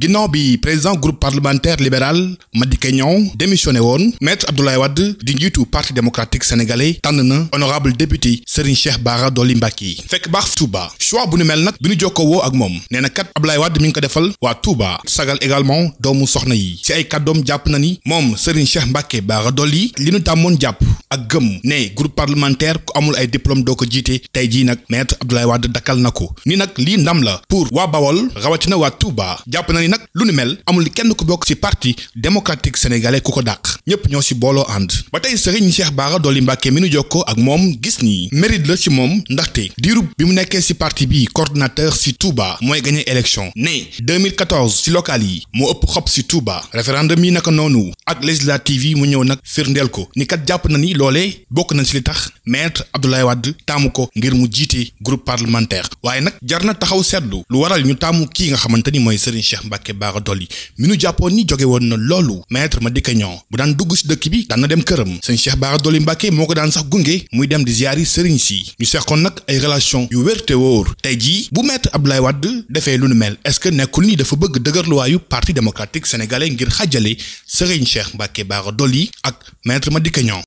ginnaaw bi président groupe parlementaire libéral Madické Niang démissionné woon maître Abdoulaye Wade di njiitu parti démocratique sénégalais tànn na honorable député Serigne Cheikh Bara Dolly yi fekk baax Touba choix bu nu mel nag bi nu jokkoo woo ak moom nee na kat Abdoulaye Wade mi ngi ko defal waa Touba sagal également doomu soxna yi ci ay kàddoom jàpp na ni moom Serigne Cheikh Mbacké Bara Dolly li nu tàmmoon jàpp ak gëm ne groupe parlementaire ku amul ay diplôme doo ko jiite tey jii nag maître Abdoulaye Wade dakkal na ko ni nag lii ndam la pour waa Bawol rawatina waa Touba jàpp na ni nag lu ni mel amul kenn ku bokk ci parti démocratique sénégalais ku ko dàq ñépp ñoo ci booloo ànd ba tey Serigne Cheikh Bara Dolly Mbacké mi nu jokkoo ak moom gis ni mérite la ci moom ndaxte diirub bi mu nekkee ci parti bi coordinateur ci Touba mooy gagné élection ne 2014 ci local yi moo ëpp xob ci Touba référendum yi naka noonu ak législative yi mu ñëw nag firndeel ko ni loolee bokk nañ ci li tax maître Abdoulaye Wade taamu ko ngir mu jiite groupe parlementaire waaye nag jar na taxaw seetlu lu waral ñu taamu kii nga xamante ni mooy Serigne Cheikh Mbacke Bara Dolly mu nu jàppoon ni jóge woon na loolu ma Madické Niang bu daan dugg ci dëkk bi daan na dem këram Serigne Cheikh Bara Dolly Mbacke moo ko daan sax gunge muy dem di ziyaari Serigne si ñu seqoon nag ay relation yu wér te wóor tey jii bu maître Abdoulaye Wade defee lu nu mel est-ce que nekkul ni dafa bëgg dëgërluwaayu parti démocratique sénégalais ngir xàjjale Serigne Cheikh Mbacke Bara Dolly ak maître Madické Niang